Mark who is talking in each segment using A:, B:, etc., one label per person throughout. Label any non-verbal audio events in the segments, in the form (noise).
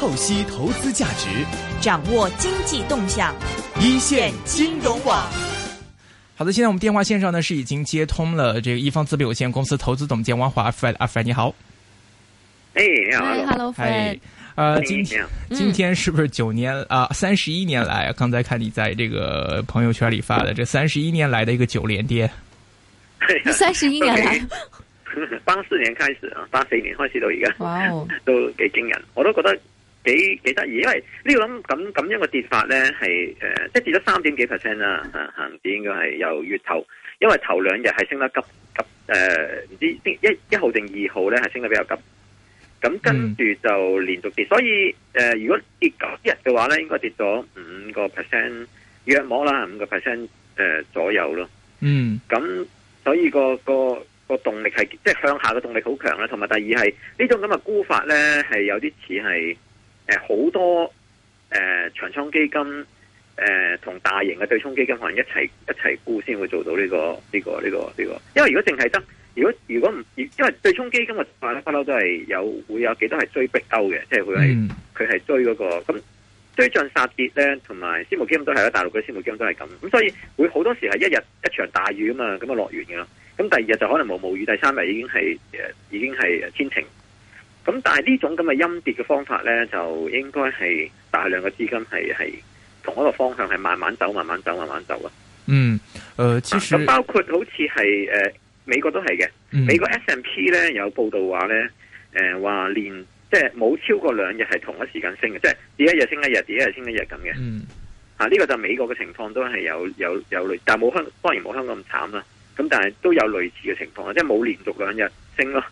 A: 透析投資價值，掌握經濟動向，一線
B: 金融網。
A: 好的，現在我們電話線上呢是已經接通了這個一方資本有限公司投資總監王華，阿 Fred，阿 Fred，hey, Fred, 你好。
B: 哎，你好，嗨，呃，hey, 今天、hey, 今天
A: 是不是九年啊？三十一年來，嗯、剛才看你在這個朋友圈裏發的這三十一年來的一個九連跌。三
B: 十一年來，八四年開始啊，八四年開始到，一個哇哦，wow. 都幾驚人，我都覺得。幾幾得意，因為呢、這個咁咁咁樣嘅跌法咧，係、呃、誒，即係跌咗三點幾 percent 啦，恒指、呃、應該係由月頭，因為頭兩日係升得急急，誒、呃、唔知一一號定二號咧係升得比較急，咁跟住就連續跌，嗯、所以誒、呃、如果跌九日嘅話咧，應該跌咗五個 percent 約莫啦，五個 percent 誒左右咯。嗯，咁所以個個個動力係即係向下嘅動力好強啦，同埋第二係呢種咁嘅沽法咧，係有啲似係。誒，好多誒、呃、長倉基金誒，同、呃、大型嘅對沖基金可能一齊一齊沽，先會做到呢、呢個呢、呢個呢個呢個。因為如果淨係得，如果如果唔，因為對沖基金嘅話咧不嬲都係有會有幾多係追逼沽嘅，即係佢係佢係追嗰、嗰個咁追漲殺跌咧，同埋私募基金都係啦，大陸嘅私募基金都係咁。咁所以會好多時係一日一場大雨啊嘛，咁啊落完嘅啦，咁第二日就可能毛毛雨，第三日已經係誒已經係天晴。咁但係呢種咁嘅陰跌嘅方法咧，就應該係大量嘅資金係係同一個方向係慢慢走、慢慢走、慢慢走啊。嗯，
A: 誒、呃，其實咁、啊、包
B: 括好似係誒美國都係嘅，嗯、美國 S&P 咧有報道話咧，誒、呃、話連即係冇超過兩日係同一時間升嘅，即係跌一日升一日，跌一日升一日咁嘅。嗯，呢、啊這個就美國嘅情況都係有有有類，但係冇香，當然冇香港咁慘啦。咁但係都有類似嘅情況啊，即係冇連續兩日升咯。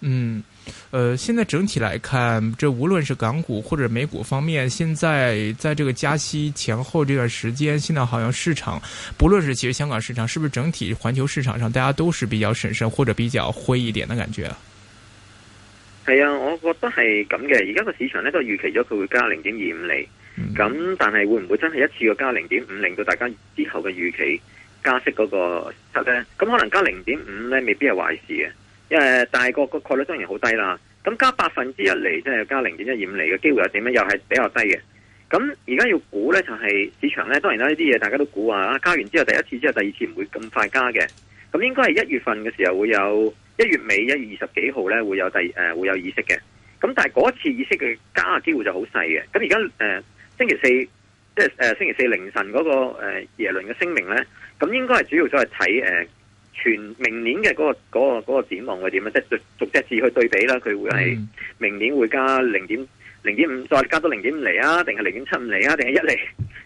B: 嗯。
A: 呃，現在整體來看，這無論是港股或者美股方面，現在在這個加息前後這段時間，現在好像市場，不論是其實香港市場，是不是整體環球市場上，大家都是比較審慎或者比較灰一點的感覺？
B: 係啊，我覺得係咁嘅。而家個市場呢，都預期咗佢會加零點二五厘，咁、嗯、但係會唔會真係一次過加零點五令到大家之後嘅預期加息嗰、那個咧？咁可能加零點五呢，未必係壞事嘅。誒，大個個概率當然好低啦。咁加百分之一嚟，即係加零點一五厘嘅機會係點咧？又係比較低嘅。咁而家要估咧，就係市場咧，當然啦，呢啲嘢大家都估啊。加完之後，第一次之後，第二次唔會咁快加嘅。咁應該係一月份嘅時候會有，一月尾一月二十幾號咧會有第誒、呃、會有議息嘅。咁但係嗰一次議息嘅加嘅機會就好細嘅。咁而家誒星期四，即係誒、呃、星期四凌晨嗰、嗰個誒、呃、耶倫嘅聲明咧，咁應該係主要都係睇誒。呃全明年嘅嗰個嗰個嗰個展望會點啊？即係逐逐隻字去對比啦，佢會係明年會加零點零點五，再加多零點五厘啊？定係零點七五厘啊？定係一厘？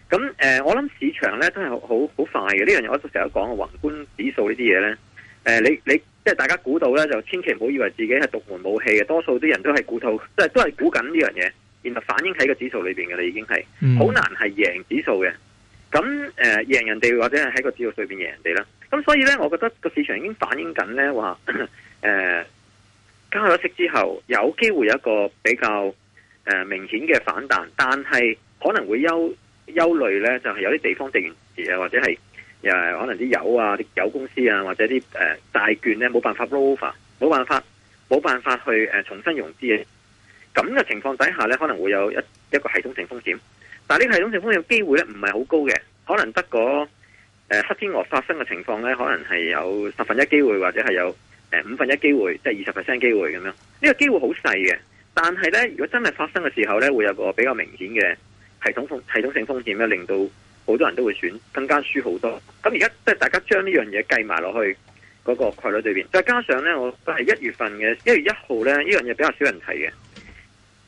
B: 咁誒，我諗市場咧都係好好快嘅呢樣嘢。我成日講嘅宏觀指數呢啲嘢咧，誒、呃、你你即係大家估到咧，就千祈唔好以為自己係獨門武器嘅。多數啲人都係估到，即係都係估緊呢樣嘢，然後反映喺個指數裏邊嘅啦，已經係好難係贏指數嘅。咁誒，贏、呃、人哋或者係喺個指數上邊贏人哋啦。咁所以咧，我覺得個市場已經反映緊咧話，誒、呃、加咗息之後，有機會有一個比較誒、呃、明顯嘅反彈，但係可能會憂憂慮咧，就係、是、有啲地方地業啊，或者係誒、呃、可能啲油啊、啲油公司啊，或者啲誒債券咧冇辦法 roll over 冇辦法冇辦法去誒、呃、重新融資嘅。咁嘅情況底下咧，可能會有一一個系統性風險，但係呢個系統性風險機會咧唔係好高嘅，可能得個。誒、呃，黑天鵝發生嘅情況咧，可能係有十分一機會，或者係有誒、呃、五分一機會，即係二十 percent 機會咁樣。呢、這個機會好細嘅，但係咧，如果真係發生嘅時候咧，會有個比較明顯嘅系統風系統性風險咧，令到好多人都會選更加輸好多。咁而家即係大家將呢樣嘢計埋落去嗰、那個概率裏邊，再加上咧，我都係一月份嘅一月一號咧，呢樣嘢比較少人睇嘅。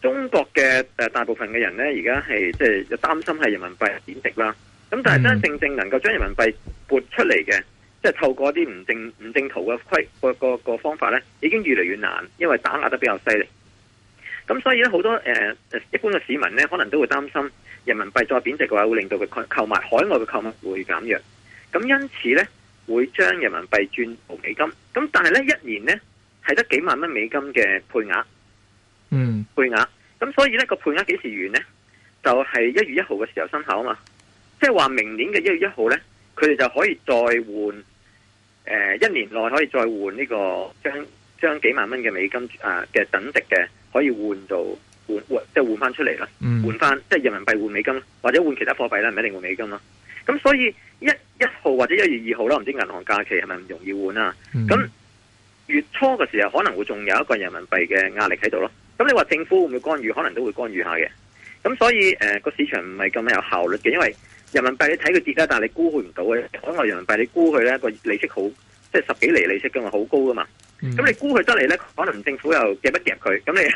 B: 中國嘅誒大,大部分嘅人咧，而家係即係又擔心係人民幣貶值啦。咁但係真真正能夠將人民幣撥出嚟嘅，即係透過啲唔正唔正途嘅規個個個方法咧，已經越嚟越難，因為打壓得比較犀利。咁所以咧，好多誒誒、呃、一般嘅市民咧，可能都會擔心人民幣再貶值嘅話，會令到佢購購買海外嘅購物會減弱。咁因此咧，會將人民幣轉澳美金。咁但係咧，一年咧係得幾萬蚊美金嘅配額。嗯，配額。咁所以咧個配額幾時完咧？就係一月一號嘅時候生效啊嘛。即係話明年嘅一月一號咧，佢哋就可以再換誒、呃，一年內可以再換呢、呢個將將幾萬蚊嘅美金啊嘅、呃、等值嘅，可以換到換換即係換翻出嚟啦，換翻即係人民幣換美金，或者換其他貨幣咧，唔一定換美金咯。咁所以一一號或者一月二號啦，唔知銀行假期係咪唔容易換啊？咁、嗯、月初嘅時候可能會仲有一個人民幣嘅壓力喺度咯。咁你話政府會唔會干預？可能都會干預下嘅。咁所以誒個、呃、市場唔係咁樣有效率嘅，因為人民幣你睇佢跌啦，但係你估佢唔到嘅。海外人民幣你估佢咧個利息好，即係十幾厘利息嘅話好高噶嘛。咁、嗯、你估佢得嚟咧，可能政府又夾一夾佢？咁你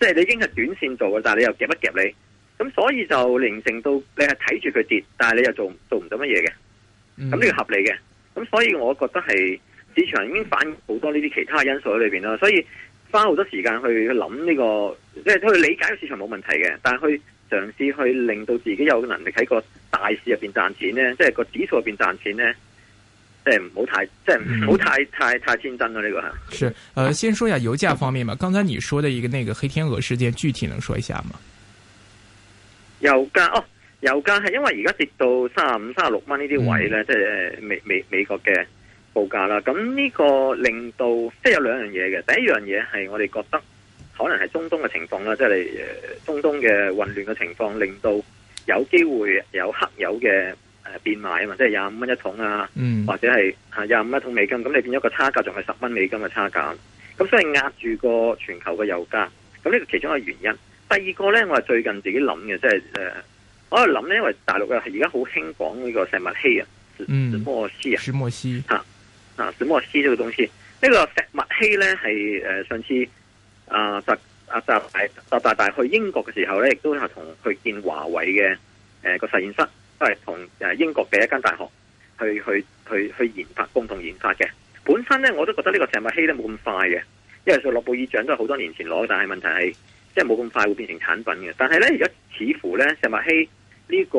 B: 即係你已經係短線做嘅，但係你又夾一夾你？咁所以就零成到你係睇住佢跌，但係你又做做唔到乜嘢嘅。
A: 咁呢個
B: 合理嘅。咁所以我覺得係市場已經反映好多呢啲其他因素喺裏邊啦。所以花好多時間去去諗呢個，即係去理解個市場冇問題嘅，但係去。嘗試去令到自己有能力喺個大市入邊賺錢呢，即係個指數入邊賺錢呢，即係唔好太，即係唔好太、嗯、哼太太天真咯，呢個係。
A: 是，呃啊、先說下油價方面嘛。剛才你說的一個那個黑天鵝事件，具體能說一下嗎？
B: 油價哦，油價係因為而家跌到三十五、三十六蚊呢啲位呢，嗯、即係美美美，美國嘅報價啦。咁呢個令到即係有兩樣嘢嘅，第一樣嘢係我哋覺得。可能係中東嘅情況啦，即係你、呃、中東嘅混亂嘅情況，令到有機會有黑油嘅誒、呃、變賣啊嘛，即係廿五蚊一桶啊，嗯、或者係嚇廿五一桶美金，咁你變咗個差價，仲係十蚊美金嘅差價。咁所以壓住個全球嘅油價，咁呢個其中一個原因。第二個咧，我係最近自己諗嘅，即係誒，我度諗咧，因為大陸啊，而家好興講呢個石墨烯啊，石墨烯啊，石墨烯啊，石墨烯呢個東西，呢、呢個石墨烯咧係誒上次。啊！習啊！習大習大大去英國嘅時候咧，亦都係同佢去見華為嘅誒個實驗室，都係同誒英國嘅一間大學去去去去研發，共同研發嘅。本身咧，我都覺得呢個石墨烯咧冇咁快嘅，因為佢諾貝爾獎都係好多年前攞，但係問題係即係冇咁快會變成產品嘅。但係咧，而家似乎咧石墨烯呢個，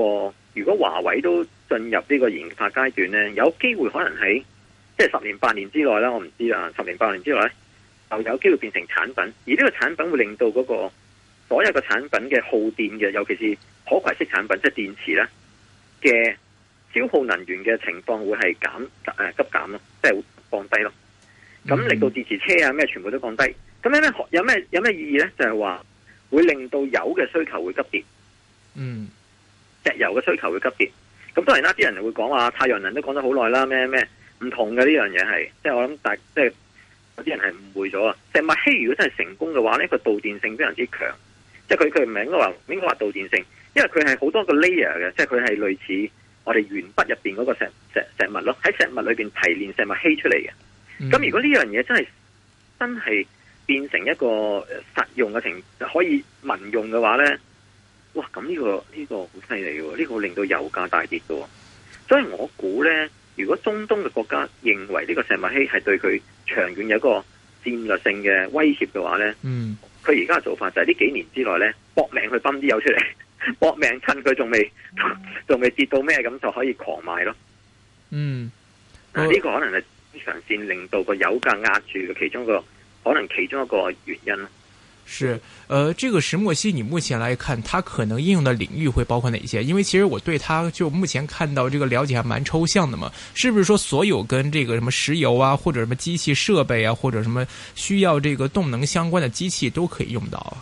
B: 如果華為都進入呢個研發階段咧，有機會可能喺即係十年八年之內啦，我唔知啦，十年八年之內。就有機會變成產品，而呢個產品會令到嗰個所有嘅產品嘅耗電嘅，尤其是可攜式產品，即係電池咧嘅消耗能源嘅情況會係減誒急減咯，即係降低咯。咁令到電池車啊咩全部都降低，咁有咩有咩有咩意義咧？就係話會令到油嘅需求會急跌，嗯，石油嘅需求會急跌。咁當然啦，啲人會講話、啊、太陽能都講得好耐啦，咩咩唔同嘅呢樣嘢係，即係我諗大即係。有啲人係誤會咗啊！石墨烯如果真係成功嘅話呢，佢導電性非常之強，即係佢佢唔係應該話應該話導電性，因為佢係好多個 layer 嘅，即係佢係類似我哋鉛筆入邊嗰個石石石墨咯。喺石墨裏邊提煉石墨烯出嚟嘅。咁、嗯、如果呢樣嘢真係真係變成一個實用嘅情，可以民用嘅話呢，哇！咁呢個呢個好犀利嘅，呢個會令到油價大跌嘅。所以我估呢，如果中東嘅國家認為呢個石墨烯係對佢，長遠有一個戰略性嘅威脅嘅話呢嗯，佢而家嘅做法就係呢幾年之內呢搏命，去泵啲油出嚟，搏命趁佢仲未仲未跌到咩咁就可以狂賣咯。嗯，呢、啊這個可能係長線令到個油價壓住嘅其中一個可能其中一個原因。
A: 是，呃，這個石墨烯你目前來看，它可能應用的領域會包括哪些？因為其實我對它就目前看到這個了解還蠻抽象的嘛，是不是說所有跟這個什麼石油啊，或者什麼機器設備啊，或者什麼需要這個動能相關的機器都可以用到啊？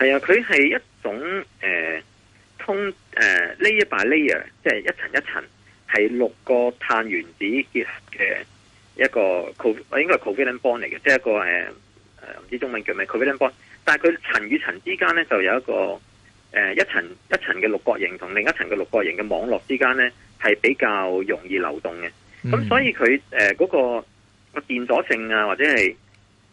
B: 係啊，佢係一種誒，通、呃、誒、呃、，layer by layer，即係一層一層，係六個碳原子結合嘅一個 co 應該係 covalent bond 嚟嘅，即、就、係、是、一個誒。呃誒，唔知中文叫咩 carbon bond，但係佢層與層之間呢，就有一個誒、呃、一層一層嘅六角形同另一層嘅六角形嘅網絡之間呢，係比較容易流動嘅。咁、嗯、所以佢誒嗰個個電阻性啊，或者係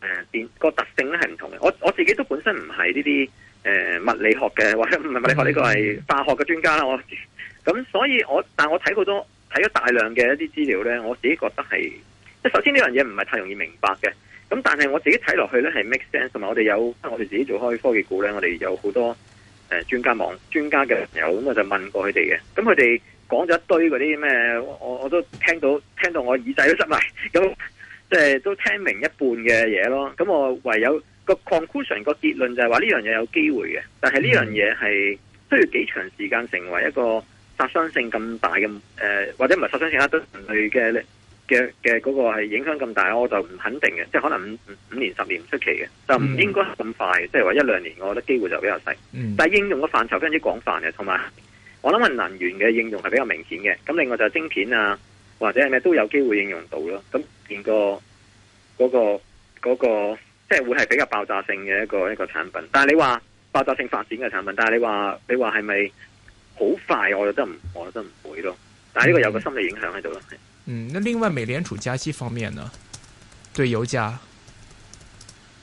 B: 誒電個特性咧係唔同嘅。我我自己都本身唔係呢啲誒物理學嘅，或者唔係物理學呢個係化學嘅專家啦。我咁所以我，但我睇好多睇咗大量嘅一啲資料呢，我自己覺得係，即首先呢樣嘢唔係太容易明白嘅。咁但係我自己睇落去咧係 make sense，同埋我哋有，我哋自己做開科技股咧，我哋有好多誒、呃、專家網、專家嘅朋友，咁我就問過佢哋嘅，咁佢哋講咗一堆嗰啲咩，我我都聽到聽到我耳仔都塞埋，咁即係都聽明一半嘅嘢咯。咁我唯有個 conclusion 個結論就係話呢樣嘢有機會嘅，但係呢樣嘢係需要幾長時間成為一個殺傷性咁大嘅誒、呃，或者唔係殺傷性都唔去嘅咧。嘅嘅嗰個係影響咁大，我就唔肯定嘅，即係可能五五年十年唔出奇嘅，就唔應該咁快。嗯、即係話一兩年，我覺得機會就比較細。嗯、但係應用嘅範疇非常之廣泛嘅，同埋我諗，能源嘅應用係比較明顯嘅。咁另外就係晶片啊，或者係咩都有機會應用到咯。咁變個嗰個嗰個即係會係比較爆炸性嘅一個一個產品。但係你話爆炸性發展嘅產品，但係你話你話係咪好快？我覺得唔我覺得唔會咯。但係呢個有個心理影響喺度咯。嗯。
A: 嗯，另外美聯儲加息方面呢？對油價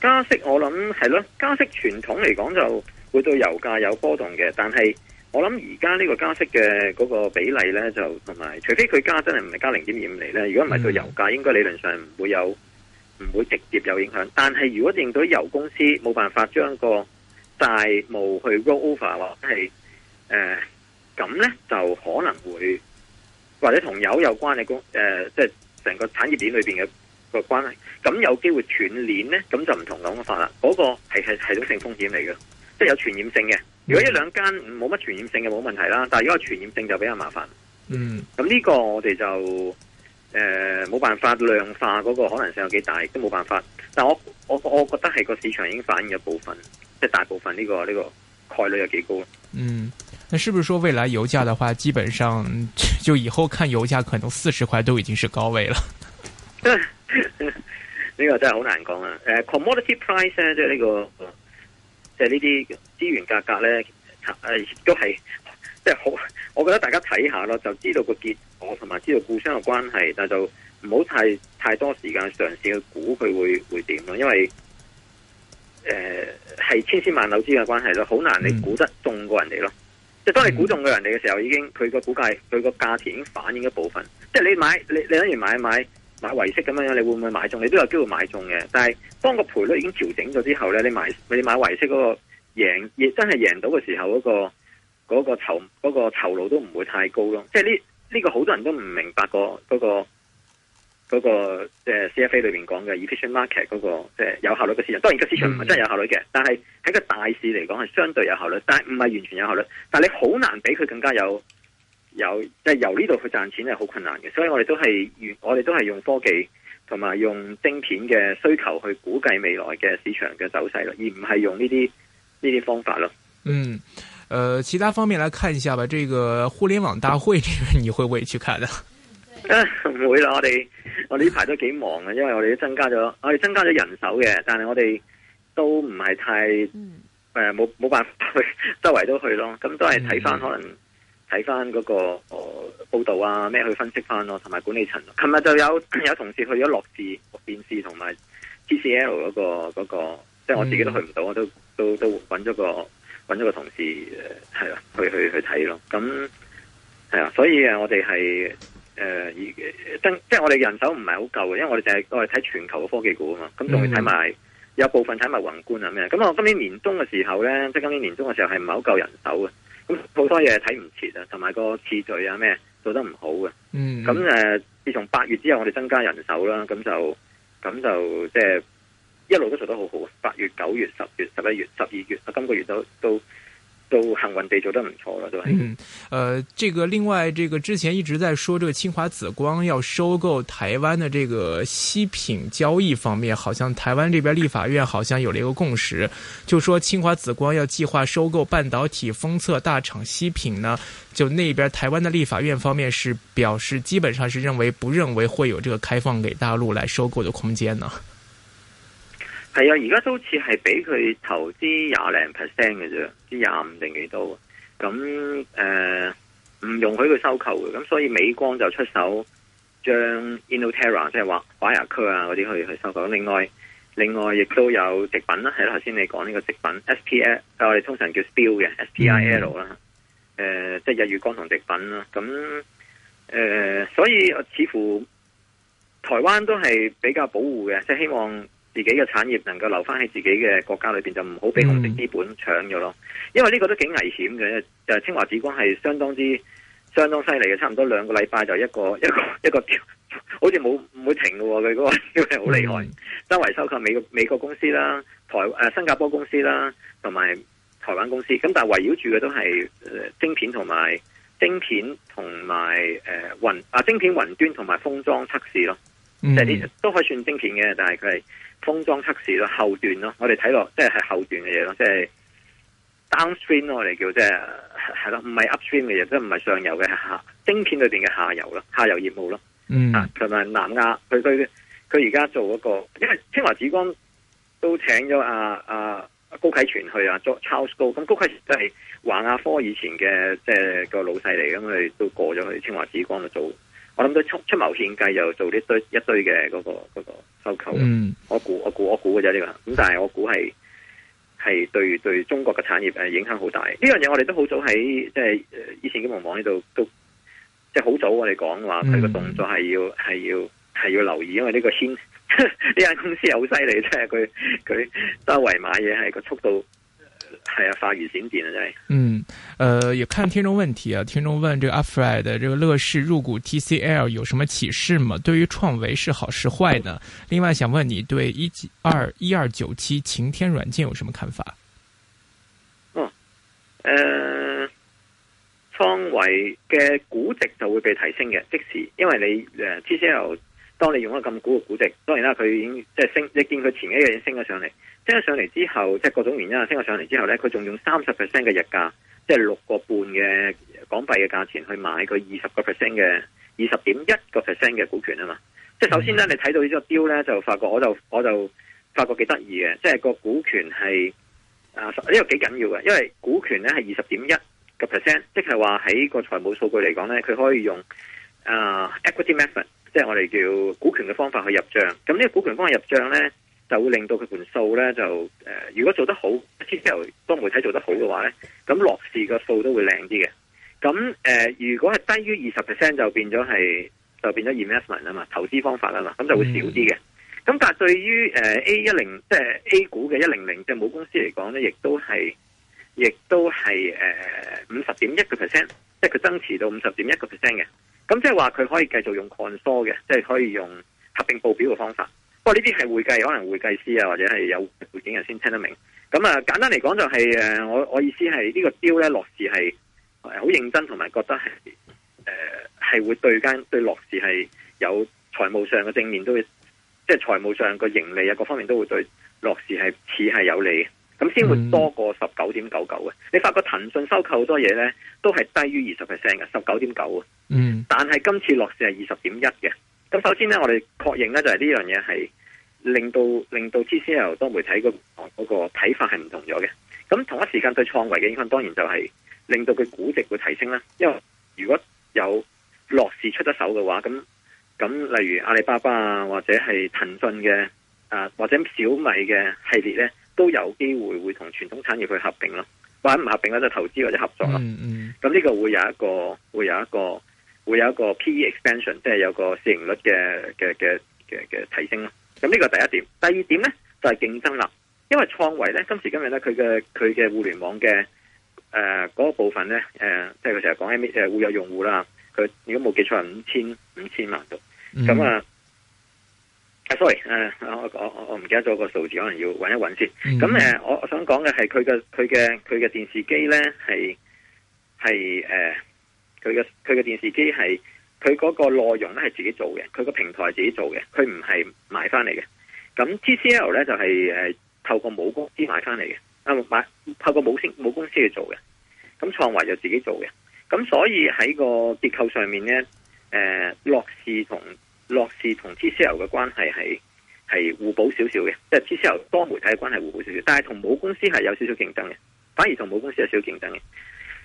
B: 加息，我諗係咯，加息傳統嚟講就會對油價有波動嘅。但係我諗而家呢個加息嘅嗰個比例呢，就同埋除非佢加真係唔係加零點二五厘呢？如果唔係對油價，嗯、應該理論上唔會有唔會直接有影響。但係如果認到油公司冇辦法將個債務去 roll over 咯，係咁咧，就可能會。或者同油有關嘅公誒，即係成個產業鏈裏邊嘅個關係，咁有機會斷鏈咧，咁就唔同諗法啦。嗰、那個係系系統性風險嚟嘅，即係有傳染性嘅。如果一兩間冇乜傳染性嘅冇問題啦，但係如果係傳染性就比較麻煩。嗯，咁呢個我哋就誒冇、呃、辦法量化嗰個可能性有幾大，都冇辦法。但係我我我覺得係個市場已經反映咗部分，即、就、係、是、大部分呢、這個呢、這個概率有幾高。
A: 嗯，那是不是說未來油價嘅話，基本上？就以後看油價可能四十塊都已經是高位
B: 了。呢個真係好難講啊誒、呃、，commodity price 咧，即係呢、這個，即係呢啲資源價格咧，誒、呃，都係即係好。我覺得大家睇下咯，就知道個結果，同埋知道互相嘅關係，但係就唔好太太多時間嘗試去估佢會會點咯，因為誒係、呃、千千萬之間者關係咯，好難你估得中過人哋咯。嗯即係、嗯、當你估中嘅人嚟嘅時候，已經佢個估計佢個價錢已經反映一部分。即係你買，你你諗住買買買維息咁樣樣，你會唔會買中？你都有機會買中嘅。但係當個賠率已經調整咗之後咧，你買你買維息嗰個贏，亦真係贏到嘅時候、那個、嗰、那個嗰、那個籌嗰個酬勞都唔會太高咯。即係呢呢個好多人都唔明白個、那、嗰個。嗰、那個、就是、CFA 裏邊講嘅 Efficient Market 嗰、那個即係、就是、有效率嘅市場，當然個市場唔係真係有效率嘅，嗯、但係喺個大市嚟講係相對有效率，但係唔係完全有效率。但係你好難俾佢更加有有即係、就是、由呢度去賺錢係好困難嘅，所以我哋都係我哋都係用科技同埋用晶片嘅需求去估計未來嘅市場嘅走勢咯，而唔係用呢啲呢啲方法咯。嗯，
A: 誒、呃，其他方面嚟看一下吧。這個互聯網大會你會不會去看的？ (laughs)
B: 唔 (laughs) 會啦，我哋我哋呢排都幾忙啊，因為我哋都增加咗，我哋增加咗人手嘅，但係我哋都唔係太誒冇冇辦法去周圍都去咯，咁都係睇翻可能睇翻嗰個報、呃、報道啊咩去分析翻咯，同埋管理層。琴日就有有同事去咗樂視、電視同埋 TCL 嗰個嗰個，即係我自己都去唔到，我都都都揾咗個揾咗個同事係、呃、去去去睇咯。咁係啊，所以我哋係。誒，而增即係我哋人手唔係好夠嘅，因為我哋淨係我哋睇全球嘅科技股啊嘛，咁仲要睇埋、mm hmm. 有部分睇埋宏觀啊咩，咁我今年年中嘅時候咧，即係今年年中嘅時候係唔係好夠人手啊，咁好多嘢睇唔切啊，同埋個次序啊咩做得唔好啊，咁誒、mm，自從八月之後我哋增加人手啦，咁就咁就即係、就是、一路都做得好好啊，八月、九月、十月、十一月、十二月啊、呃，今個月都都。都幸
A: 運地做得不錯了，對吧？嗯，呃，這個另外這個之前一直在說這個清華紫光要收購台灣的這個矽品交易方面，好像台灣這邊立法院好像有了一個共識，就說清華紫光要計劃收購半導體封測大廠矽品呢，就那邊台灣的立法院方面是表示基本上是認為不認為會有這個開放給大陸來收購的空間呢。
B: 係啊，而家都好似係俾佢投資廿零 percent 嘅啫，啲廿五定幾多？咁誒，唔、呃、容許佢收購嘅，咁所以美光就出手將 Inotera 即係話華亞科啊嗰啲去去收購。另外，另外亦都有矽品啦，係頭先你講呢個矽品 SPF，我哋通常叫 IL, s p i l l 嘅 SPIL 啦，誒、呃，即、就、係、是、日月光同矽品啦。咁誒、呃，所以我似乎台灣都係比較保護嘅，即、就、係、是、希望。自己嘅產業能夠留翻喺自己嘅國家裏邊，就唔好俾紅色資本搶咗咯。嗯、因為呢個都幾危險嘅，就係、是、清華紫光係相當之、相當犀利嘅。差唔多兩個禮拜就一個、一個、一個調，好似冇冇停嘅喎。佢嗰、那個調係好厲害，周圍、嗯、收購美國美國公司啦、台誒、呃、新加坡公司啦，同埋台灣公司。咁但係圍繞住嘅都係誒、呃、晶片同埋晶片同埋誒雲啊，晶片雲端同埋封裝測試咯。即係、嗯、都可以算晶片嘅，但係佢係封裝測試咯，後段咯。我哋睇落即係係後段嘅嘢咯，即係 downstream 咯，我哋叫即係係咯，唔係 upstream 嘅嘢，即係唔係上游嘅下晶片裏邊嘅下游咯，下游業務咯。嗯，同埋、啊、南亞佢對佢而家做嗰個，因為清華紫光都請咗阿阿高啟全去啊做 h o s o 咁，高啟全都係華亞科以前嘅即係個老細嚟，咁佢都過咗去清華紫光度做。我諗都出出謀獻計，又做堆一堆嘅嗰、嗰個、嗰個收購、嗯。我估我估我估嘅咋呢個。咁但係我估係係對對中國嘅產業誒影響好大。呢樣嘢我哋都好早喺即係誒以前嘅網網呢度都即係好早我哋講話佢個動作係要係要係要留意，因為呢個軒呢 (laughs) 間公司又好犀利，即係佢佢周圍買嘢係個速度。係啊，化如閃電
A: 啊真係。嗯，誒、呃，有看聽眾問題啊？聽眾問：這個阿 Fred，這個樂視入股 TCL 有什麼啟示嗎？對於創維是好是壞呢？另外想問你對一、二、一二九七晴天軟件有什麼看法？嗯、哦，
B: 誒、呃，創維嘅估值就會被提升嘅，即使因為你 TCL。呃當你用一個咁高嘅估值，當然啦，佢已經即係升，你見佢前一日已經升咗上嚟，升咗上嚟之後，即係各種原因升咗上嚟之後咧，佢仲用三十 percent 嘅日價，即係六個半嘅港幣嘅價錢去買佢二十個 percent 嘅二十點一個 percent 嘅股權啊嘛。即係首先咧，你睇到個 deal 呢個表咧，就發覺我就我就發覺幾得意嘅，即係個股權係啊，呢、這個幾緊要嘅，因為股權咧係二十點一個 percent，即係話喺個財務數據嚟講咧，佢可以用啊 equity method。即係我哋叫股權嘅方法去入賬，咁呢個股權嘅方法入賬呢，就會令到佢盤數呢，就誒、呃，如果做得好，即係由當媒體做得好嘅話呢，咁樂視個數都會靚啲嘅。咁誒、呃，如果係低於二十 percent，就變咗係就變咗 investment 啊嘛，投資方法啦嘛，咁就會少啲嘅。咁、嗯、但係對於誒、呃、A 一零即係 A 股嘅一零零即係母公司嚟講呢，亦都係亦都係誒五十點一個 percent，即係佢增持到五十點一個 percent 嘅。咁即係話佢可以繼續用 consol 嘅，即係可以用合併報表嘅方法。不過呢啲係會計，可能會計師啊或者係有背景人先聽得明。咁啊，簡單嚟講就係誒，我我意思係呢個 deal 呢，樂視係好認真同埋覺得係誒係會對間對樂視係有財務上嘅正面，都會即係財務上個盈利啊各方面都會對樂視係似係有利。咁先會多過十九點九九嘅。你發覺騰訊收購好多嘢呢，都係低於二十 percent 嘅，十九點九啊。嗯。但係今次樂視係二十點一嘅。咁首先呢，我哋確認呢就係呢樣嘢係令到令到 TCL 多媒體、那個嗰個睇法係唔同咗嘅。咁同一時間對創維嘅影響，當然就係令到佢估值會提升啦。因為如果有樂視出咗手嘅話，咁咁例如阿里巴巴啊，或者係騰訊嘅啊，或者小米嘅系列呢。都有機會會同傳統產業去合併咯，或者唔合併我就投資或者合作咯。咁呢、嗯嗯、個會有一個會有一個會有一個 PE expansion，即係有個市盈率嘅嘅嘅嘅嘅提升咯。咁呢個是第一點，第二點咧就係、是、競爭啦。因為創維咧今時今日咧佢嘅佢嘅互聯網嘅誒嗰嗰部分咧誒、呃，即係佢成日講喺誒會有用戶啦。佢如果冇記錯係五千五千萬度咁啊。嗯嗯嗯 sorry 誒，我我我唔記得咗個數字，可能要揾一揾先。咁誒、mm，我、hmm. uh，我想講嘅係佢嘅佢嘅佢嘅電視機咧，係係誒，佢嘅佢嘅電視機係佢嗰個內容咧係自己做嘅，佢個平台係自己做嘅，佢唔係買翻嚟嘅。咁 TCL 咧就係、是、誒透過母公司買翻嚟嘅，啊買透過母公司母公司去做嘅。咁創維就自己做嘅。咁所以喺個結構上面咧，誒、呃、樂視同。樂視同 TCL 嘅關係係係互補少少嘅，即係 TCL 多媒體嘅關係互補少少，但係同母公司係有少少競爭嘅，反而同母公司有少少競爭嘅。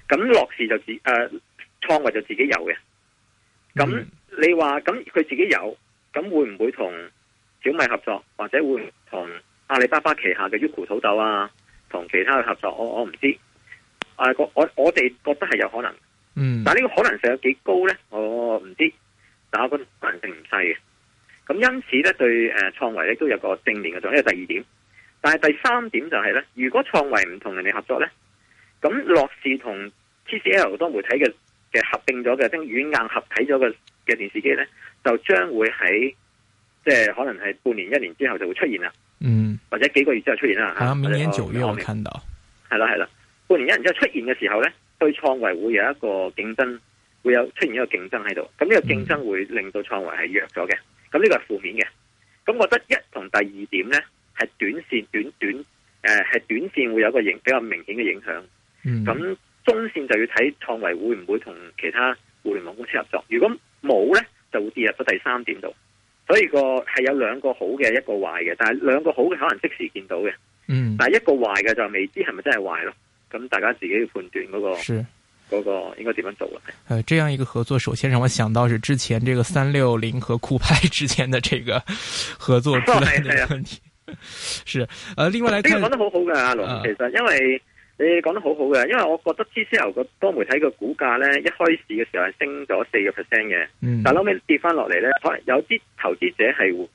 B: 咁樂視就自誒創維就自己有嘅。咁你話咁佢自己有，咁會唔會同小米合作，或者會同阿里巴巴旗下嘅優酷土豆啊，同其他嘅合作？我我唔知。誒、啊，個我我哋覺得係有可能，嗯，但係呢個可能性有幾高咧？我唔知。但我覺得彈性唔細嘅，咁因此咧對誒創維咧都有個正面嘅作用。呢個第二點，但係第三點就係、是、咧，如果創維唔同人哋合作咧，咁樂視同 TCL 多媒體嘅嘅合併咗嘅，即係軟硬合體咗嘅嘅電視機咧，就將會喺即係可能係半年一年之後就會出現啦。
A: 嗯，
B: 或者幾個月之後出現啦。可能明年九月我看到。係啦，係啦，半年一年之後出現嘅時候咧，對創維會有一個競爭。會有出現一個競爭喺度，咁呢個競爭會令到創維係弱咗嘅，咁呢個係負面嘅。咁我覺得一同第二點咧，係短線短短誒，係、呃、短線會有個影比較明顯嘅影響。咁中線就要睇創維會唔會同其他互聯網公司合作。如果冇咧，就會跌入咗第三點度。所以個係有兩個好嘅，一個壞嘅。但係兩個好嘅可能即時見到嘅，嗯、但係一個壞嘅就未知係咪真係壞咯。咁大家自己要判斷嗰個。嗰個應該點
A: 樣做咧？誒，這樣一個合作，首先讓我想到是之前這個三六零和酷派之間的這個合作之類的問題，哦。是，
B: 誒、 (laughs) 啊，另外咧，呢個講得好好嘅，啊，阿龍、啊，其實因為你講得好好嘅，因為我覺得 TCL 個多媒體個股價呢，一開始嘅時候係升咗四個 percent 嘅，嗯、但係後屘跌翻落嚟，呢，可能有啲投資者係會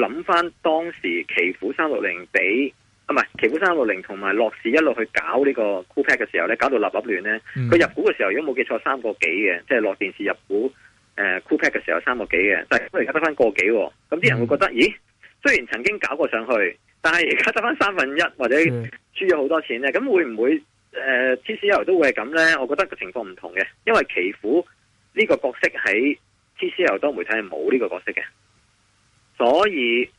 B: 諗翻當時奇虎三六零比。唔係，奇虎三六零同埋樂視一路去搞呢個 Coolpad 嘅時候咧，搞到立立亂咧。佢、嗯、入股嘅時候，如果冇記錯，三個幾嘅，即係落電視入股誒、呃、Coolpad 嘅時候三個幾嘅，但係佢而家得翻個幾喎、哦。咁啲人會覺得，嗯、咦？雖然曾經搞過上去，但係而家得翻三分一或者輸咗好多錢咧，咁、嗯、會唔會誒、呃、TCL 都會係咁咧？我覺得個情況唔同嘅，因為奇虎呢個角色喺 TCL 多媒體係冇呢個角色嘅，所以。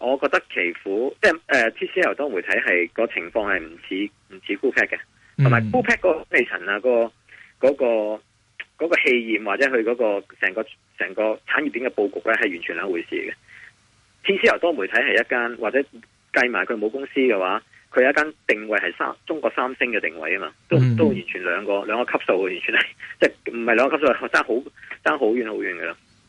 B: 我覺得奇虎即係誒、呃、TCL 多媒體係、那個情況係唔似唔似酷派嘅，同埋酷派，的、嗯、酷派那個微層啊，那個嗰、那個、那個氣焰、那個、或者佢嗰、那個成個成個產業鏈嘅布局咧，係完全兩回事嘅。TCL 多媒體係一間或者計埋佢冇公司嘅話，佢有一間定位係三中國三星嘅定位啊嘛，都、嗯、都完全兩個兩個級數，完全係即係唔係兩個級數，爭好爭好遠好遠噶啦。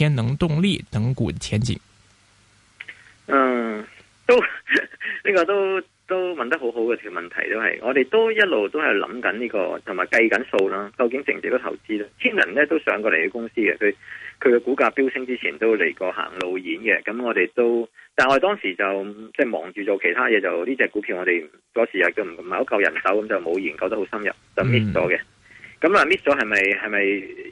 A: 天能動力等股前景，
B: 嗯，都呢、這個都都問得很好好嘅條問題都係，我哋都一路都係諗緊呢個，同埋計緊數啦，究竟值唔值得投資咧？天能咧都上過嚟嘅公司嘅，佢佢嘅股價飆升之前都嚟過行路演嘅，咁我哋都，但係我哋當時就即係、就是、忙住做其他嘢，就呢隻股票我哋嗰時日都唔唔係好夠人手，咁就冇研究得好深入，就 miss 咗嘅。嗯咁啊，miss 咗係咪係咪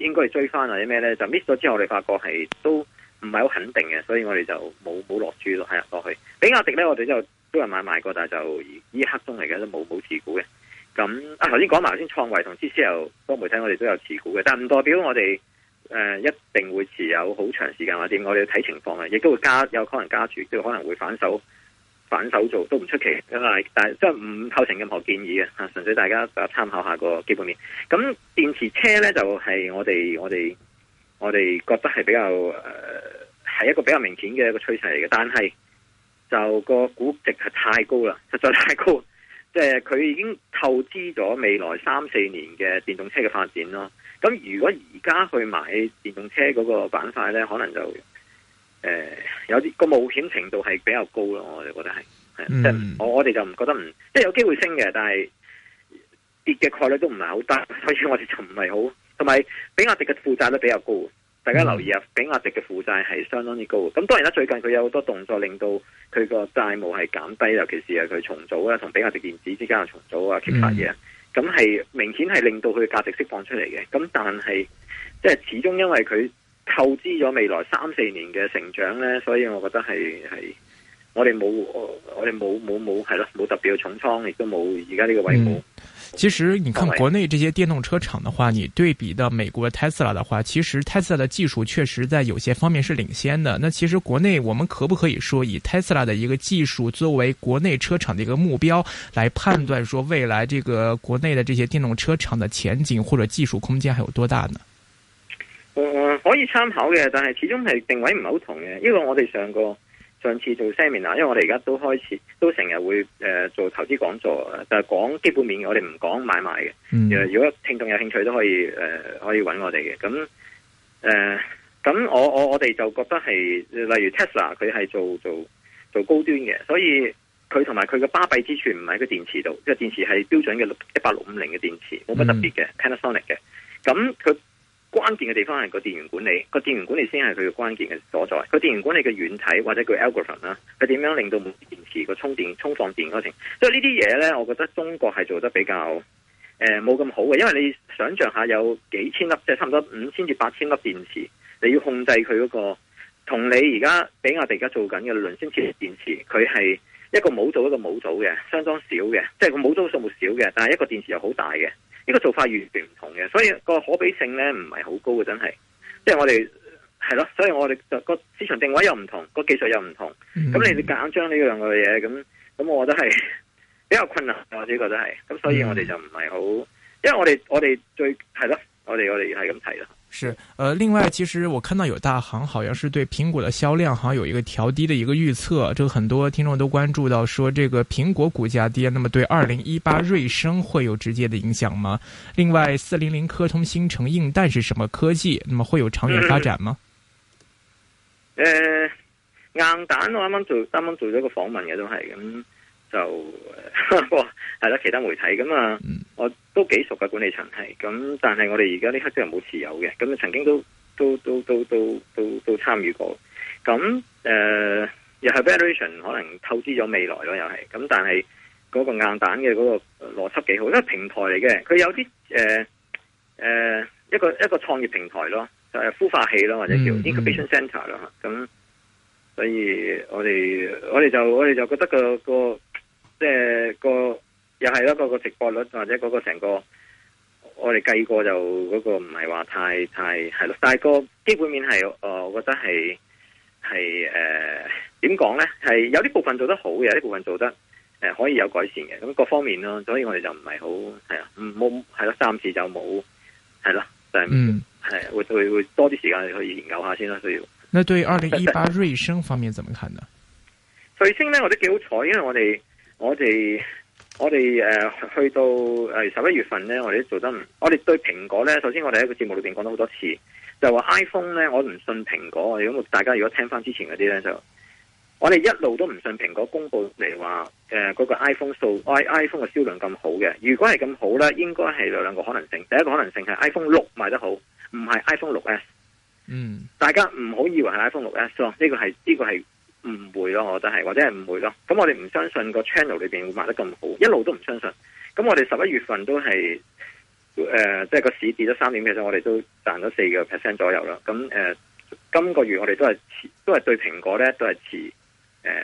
B: 應該追翻或者咩咧？就 miss 咗之後，我哋發覺係都唔係好肯定嘅，所以我哋就冇冇落注咯，係落，落去。比亞迪咧，我哋就都有買賣過，但係就依一刻鐘嚟嘅都冇冇持股嘅。咁啊，頭先講埋先，創維同 TCL 多媒體我哋都有持股嘅，但係唔代表我哋誒、呃、一定會持有好長時間或者我哋要睇情況嘅亦都會加，有可能加注，即都可能會反手。反手做都唔出奇，咁但係但即係唔構成任何建議嘅吓，純粹大家參考下個基本面。咁電池車呢就係、是、我哋我哋我哋覺得係比較誒係、呃、一個比較明顯嘅一個趨勢嚟嘅，但係就個估值係太高啦，實在是太高，即係佢已經透支咗未來三四年嘅電動車嘅發展咯。咁如果而家去買電動車嗰個板塊呢可能就。誒，有啲個冒險程度係比較高咯，嗯就是，我哋覺得係，即係我我哋就唔覺得唔，即係有機會升嘅，但係跌嘅概率都唔係好得。所以我哋就唔係好，同埋比亞迪嘅負債都比較高，大家留意啊，嗯、比亞迪嘅負債係相當之高。咁當然啦，最近佢有好多動作令到佢個債務係減低，尤其是係佢重組啦，同比亞迪電子之間嘅重組啊，其他嘢，咁係明顯係令到佢嘅價值釋放出嚟嘅。咁但係即係始終因為佢，透支咗未來三四年嘅成長呢，所以我覺得係係我哋冇我我哋冇冇冇係咯，冇特別重倉，亦都冇而家呢個規模、嗯。
A: 其實，你看國內這些電動車廠的話，你對比到美國 Tesla 的話，其實 Tesla 的技術確實在有些方面是領先的。那其實國內我們可不可以說以 Tesla 的一個技術作為國內車廠的一個目標，來判斷說未來這個國內的這些電動車廠的前景或者技術空間還有多大呢？
B: 可以參考嘅，但係始終係定位唔係好同嘅。呢個我哋上個上次做 seminar，因為我哋而家都開始都成日會誒、呃、做投資講座，但就係、是、講基本面，我哋唔講買賣嘅。嗯、如果聽眾有興趣都可以誒、呃，可以搵我哋嘅。咁誒、咁、呃、我我我哋就覺得係例如 Tesla，佢係做做做高端嘅，所以佢同埋佢嘅巴閉之處唔喺個電池度，即係電池係標準嘅六一八六五零嘅電池，冇乜特別嘅 Panasonic 嘅。咁佢、嗯。關鍵嘅地方係個電源管理，個電源管理先係佢嘅關鍵嘅所在。個電源管理嘅軟體或者個 algorithm 啦，佢點樣令到電池個充電、充放電嗰程，所以呢啲嘢呢，我覺得中國係做得比較、呃、冇咁好嘅。因為你想象下，有幾千粒，即係差唔多五千至八千粒電池，你要控制佢嗰個，同你而家比亞迪而家做緊嘅輪圈電池，佢係一個模組一個模組嘅，相當少嘅，即係個模組數目少嘅，但係一個電池又好大嘅。呢個做法完全唔同嘅，所以個可比性咧唔係好高嘅，真係。即係我哋係咯，所以我哋就個市場定位又唔同，個技術又唔同。咁、嗯、你哋夾硬將呢樣嘅嘢，咁咁，我覺得係比較困難。我自己覺得係，咁所以我哋就唔係好，嗯、因為我哋我哋最係咯，我哋我哋係咁睇啦。
A: 是，呃，另外，其實我看到有大行好像是對蘋果的銷量好像有一個調低的一個預測，這個很多聽眾都關注到，說這個蘋果股價跌，那麼對二零一八瑞聲會有直接的影響嗎？另外，四零零科通新城硬蛋是什麼科技？那麼會有長遠發展嗎？嗯，
B: 呃，硬蛋我啱啱做啱啱做咗個訪問嘅都係咁。嗯就係啦，其他媒體咁啊，我都幾熟嘅管理層係咁，但係我哋而家呢刻啲人冇持有嘅，咁曾經都都都都都都都參與過，咁誒、呃、又係 valuation 可能透支咗未來咯，又係咁，但係嗰個硬蛋嘅嗰個邏輯幾好，因為平台嚟嘅，佢有啲誒、呃呃、一個一個創業平台咯，就係孵化器咯，或者叫 incubation centre 咯、嗯，咁、嗯。所以我哋我哋就我哋就覺得、那個、就是那個個個即係個又係一個個直播率或者嗰個成個我哋計過就個唔係話太太係咯，但係個基本面係誒，我覺得係係誒點講咧？係、呃、有啲部分做得好嘅，有啲部分做得誒、呃、可以有改善嘅，咁各方面咯。所以我哋就唔係好係啊，冇係咯，暫時就冇係啦，就係係會會會多啲時間去研究下先啦，需要。那對二零一八
A: 瑞聲方面怎麼看呢？
B: 瑞聲呢，我都幾好彩，因為我哋我哋我哋誒、呃、去到誒十一月份呢，我哋都做得唔，我哋對蘋果呢，首先我哋喺個節目裏邊講咗好多次，就係話 iPhone 呢，我唔信蘋果。如果大家如果聽翻之前嗰啲呢，就我哋一路都唔信蘋果公布嚟話誒嗰個 iPhone 數，iPhone 嘅銷量咁好嘅。如果係咁好呢，應該係有兩個可能性。第一個可能性係 iPhone 六賣得好，唔係 iPhone 六 S。嗯，大家唔好以為係 iPhone 六 S 咯，呢、這個係呢個係誤會咯，我真係或者係誤會咯。咁我哋唔相信個 channel 裏邊會賣得咁好，一路都唔相信。咁我哋十一月份都係誒，即係個市跌咗三點 p e 我哋都賺咗四個 percent 左右啦。咁誒、呃，今個月我哋都係持，都係對蘋果咧都係持誒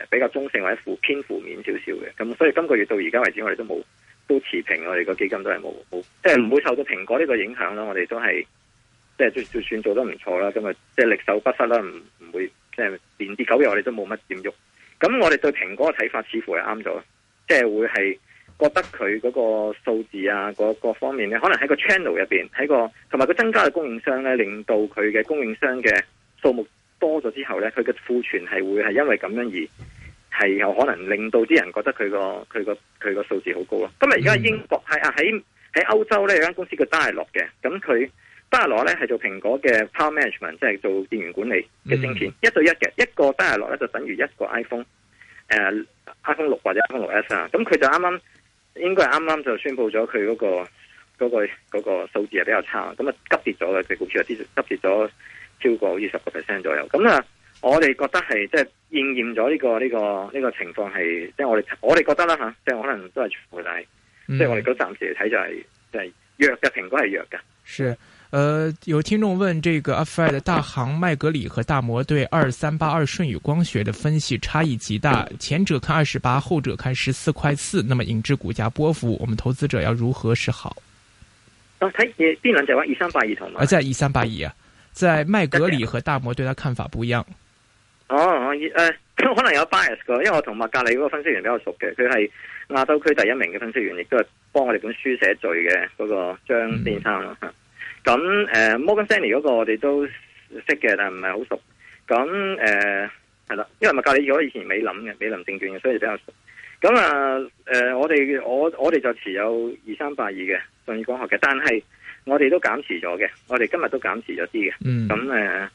B: 比較中性或者負偏負面少少嘅。咁所以今個月到而家為止，我哋都冇都持平，我哋個基金都係冇冇，即係唔會受到蘋果呢個影響咯。我哋都係。即係就算做得唔錯啦，今日，即係力守不失啦，唔唔會即係連跌九日，我哋都冇乜點喐。咁我哋對蘋果嘅睇法似乎係啱咗，即係會係覺得佢嗰個數字啊，嗰各，各方面咧，可能喺個 channel 入邊，喺個同埋佢增加嘅供應商咧，令到佢嘅供應商嘅數目多咗之後咧，佢嘅庫存係會係因為咁樣而係有可能令到啲人覺得佢個佢個佢個數字好高啊。今日而家英國喺啊喺喺歐洲咧有間公司叫 Dialog 嘅，咁佢。巴爾羅咧，係做蘋果嘅 Power Management，即係做電源管理嘅芯片，一對一嘅一個巴爾羅咧就等於一個 iPhone，誒 iPhone 六或者 iPhone 六 S 啊、嗯，咁佢就啱啱應該係啱啱就宣布咗佢嗰個嗰個嗰個數字係比較差，咁啊，急跌咗嘅，佢嘅股市急跌咗超過二十個 percent 左右，咁啊我哋覺得係即係應驗咗呢個呢個呢個情況係，即係我哋我哋覺得啦吓，即係可能都係負大，即係我哋都暫時嚟睇就係就係弱嘅蘋果係弱嘅。
A: 是。呃，有聽眾問這個阿 Fred 的大行麥格里和大摩對二三八二舜宇光學的分析差異極大，前者看二十八，後者看十四塊四。那麼引致股價波幅，我們投資者要如何是好？
B: 啊，睇邊兩隻話二三八二同埋，嘛。而
A: 在二三八二啊，在麥格里和大摩對他看法不一樣。
B: 哦，呃可能有 bias 噶，因為我同麥格里嗰個分析員比較熟嘅，佢係亞洲區第一名嘅分析員，亦都係幫我哋本書寫序嘅嗰個張先生咁誒，摩根士丹利嗰個我哋都識嘅，但係唔係好熟。咁誒係啦，因為麥格理如果以前美林嘅，美林證券嘅，所以比較熟。咁啊，誒、呃，我哋我我哋就持有二三八二嘅，信義光學嘅，但係我哋都減持咗嘅，我哋今日都減持咗啲嘅。咁誒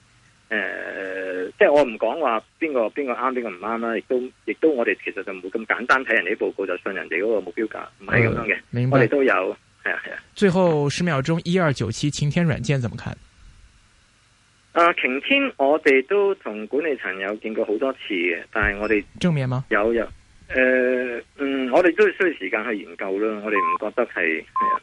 B: 誒，即係我唔講話邊個邊個啱邊個唔啱啦，亦都亦都我哋其實就唔會咁簡單睇人哋啲報告就信人哋嗰個目標價，唔係咁樣嘅。明白 我哋都有。係啊係
A: 啊，啊最後十秒鐘，一二九七擎天軟件怎麼看？
B: 誒、啊，擎天我哋都同管理層有見過好多次嘅，但係我哋正面嗎？有有誒、呃，嗯，我哋都需要時間去研究啦，我哋唔覺得係，係啊。